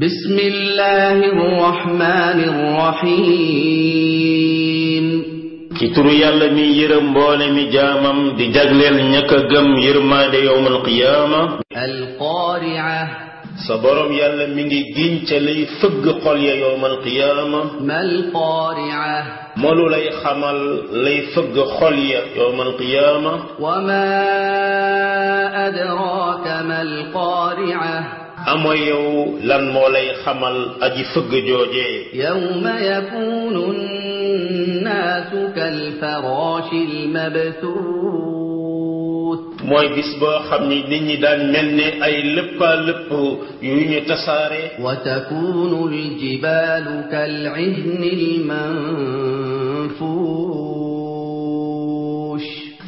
بسم الله الرحمن الرحيم ci turu yàlla mi yërëm mboole mi jaamam di jagleel ñaka gëm yërmaande yowmal qiyaama alqaaria sa boroom yàlla mi ngi giñ ca lay fëgg xol ya yowmal qiyaama mal qaaria molu lay xamal lay fëgg xol ya yowmal qiyaama wa ma adraaka mal qaaria amoo yow lan moo lay xamal aji fëgg joojee yawma yakunu nnaasu kalfaraashi lmabsuut mooy bis boo xam ni nit ñi daan mel ne ay lëppaa lëpp yu ñu tasaare wa takunu ljibaalu kalihni lmanfuut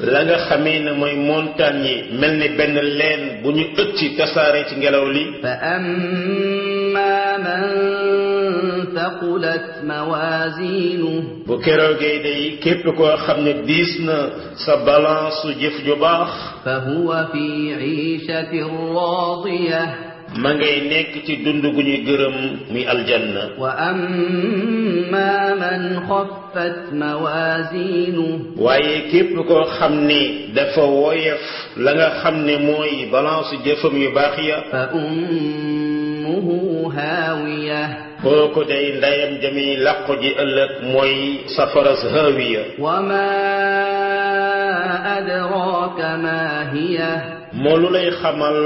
la nga xamee ne mooy montagne yi mel ni benn leen bu ñu ëcc tasaare ci ngelaw li fa amma man thaqulat mawazinuhu bu keroogee day képp koo xam ne diis na sa balance jëf ju baax fa huwa fi 'ishatin radiyah ma ngay nekk ci dund gu gërëm muy aljanna wa amma man xaffat mawaazinu waaye képp koo xam ni dafa woyef la nga xam ni mooy balance jëfam yu baax ya fa ummuhu haawiya kooku day ndayam jami làqu ji ëllëg mooy safaras haawiya adraaka maa hiya moo lu lay xamal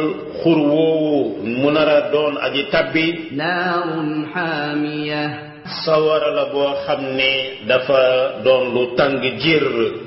xur woowu mu nar a doon aji tabbi naarun xaamiya sawara la boo xam ne dafa doon lu tàng jër